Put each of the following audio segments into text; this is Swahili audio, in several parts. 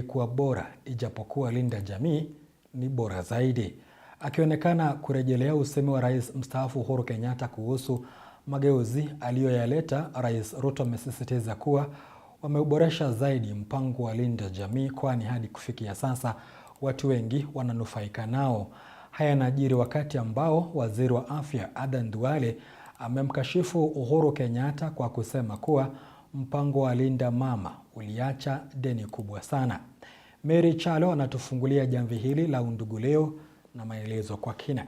ilikuwa bora, ijapokuwa Linda Jamii ni bora zaidi, akionekana kurejelea usemi wa rais mstaafu Uhuru Kenyatta kuhusu mageuzi aliyoyaleta. Rais Ruto amesisitiza kuwa wameboresha zaidi mpango wa Linda Jamii, kwani hadi kufikia sasa watu wengi wananufaika nao. Haya yanajiri wakati ambao waziri wa afya Adan Duale amemkashifu Uhuru Kenyatta kwa kusema kuwa mpango wa Linda Mama uliacha deni kubwa sana. Mary Kyallo anatufungulia jamvi hili la Undugu Leo na maelezo kwa kina.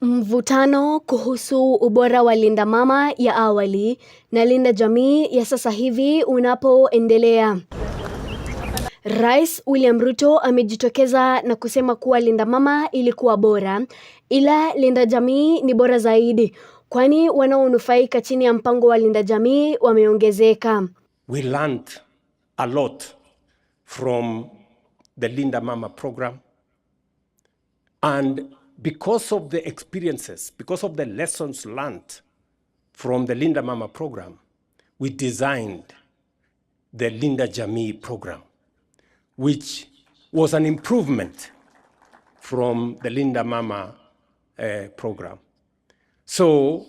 Mvutano kuhusu ubora wa Linda Mama ya awali na Linda Jamii ya sasa hivi unapoendelea. Rais William Ruto amejitokeza na kusema kuwa Linda Mama ilikuwa bora, ila Linda Jamii ni bora zaidi, kwani wanaonufaika chini ya mpango wa Linda Jamii wameongezeka. We learned a lot from the Linda Mama program. And because of the experiences, because of the lessons learned from the Linda Mama program, we designed the Linda Jamii program, which was an improvement from the Linda Mama uh, program. So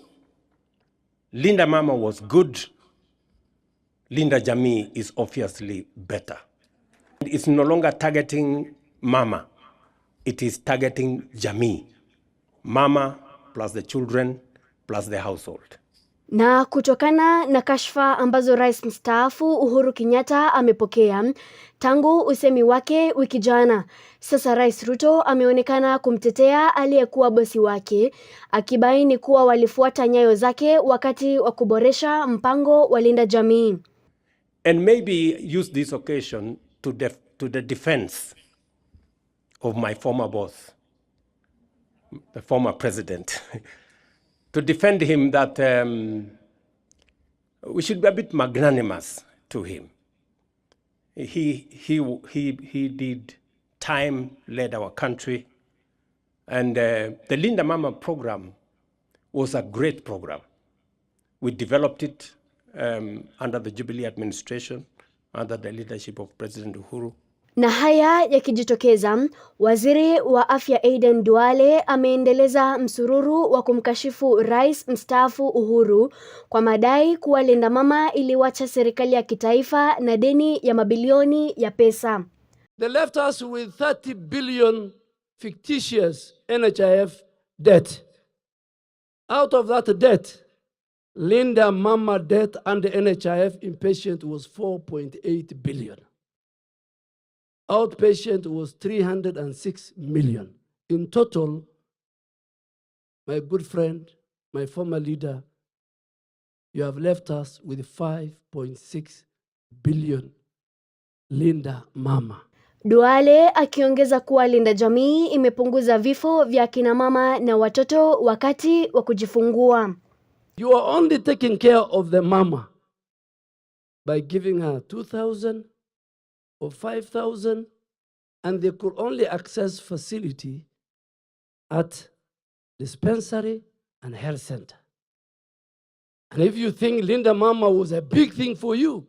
Linda Mama was good Linda Jamii is obviously better. It's no longer targeting mama. It is targeting Jamii. Mama plus the children plus the household. Na kutokana na kashfa ambazo rais mstaafu Uhuru Kenyatta amepokea tangu usemi wake wiki jana, sasa Rais Ruto ameonekana kumtetea aliyekuwa bosi wake, akibaini kuwa walifuata nyayo zake wakati wa kuboresha mpango wa Linda Jamii. and maybe use this occasion to, to the defense of my former boss, the former president, to defend him that um, we should be a bit magnanimous to him. He, he, he, he did time, led our country, and uh, the Linda Mama program was a great program. We developed it, um, under the Jubilee administration under the leadership of President Uhuru. Na haya yakijitokeza, waziri wa afya Aden Duale ameendeleza msururu wa kumkashifu rais mstaafu Uhuru kwa madai kuwa Linda Mama iliwacha serikali ya kitaifa na deni ya mabilioni ya pesa. They left us with 30 billion fictitious NHIF debt. Out of that debt, Linda mama death under NHIF inpatient was 4.8 billion. Outpatient was 306 million. In total, my good friend, my former leader, you have left us with 5.6 billion. Linda mama. Duale akiongeza kuwa Linda jamii imepunguza vifo vya kina mama na watoto wakati wa kujifungua. You are only taking care of the mama by giving her 2,000 or 5,000, and they could only access facility at dispensary and health center. And if you think Linda Mama was a big thing for you,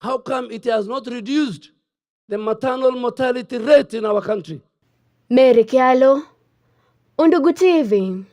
how come it has not reduced the maternal mortality rate in our country? Mary Kialo, Undugu TV.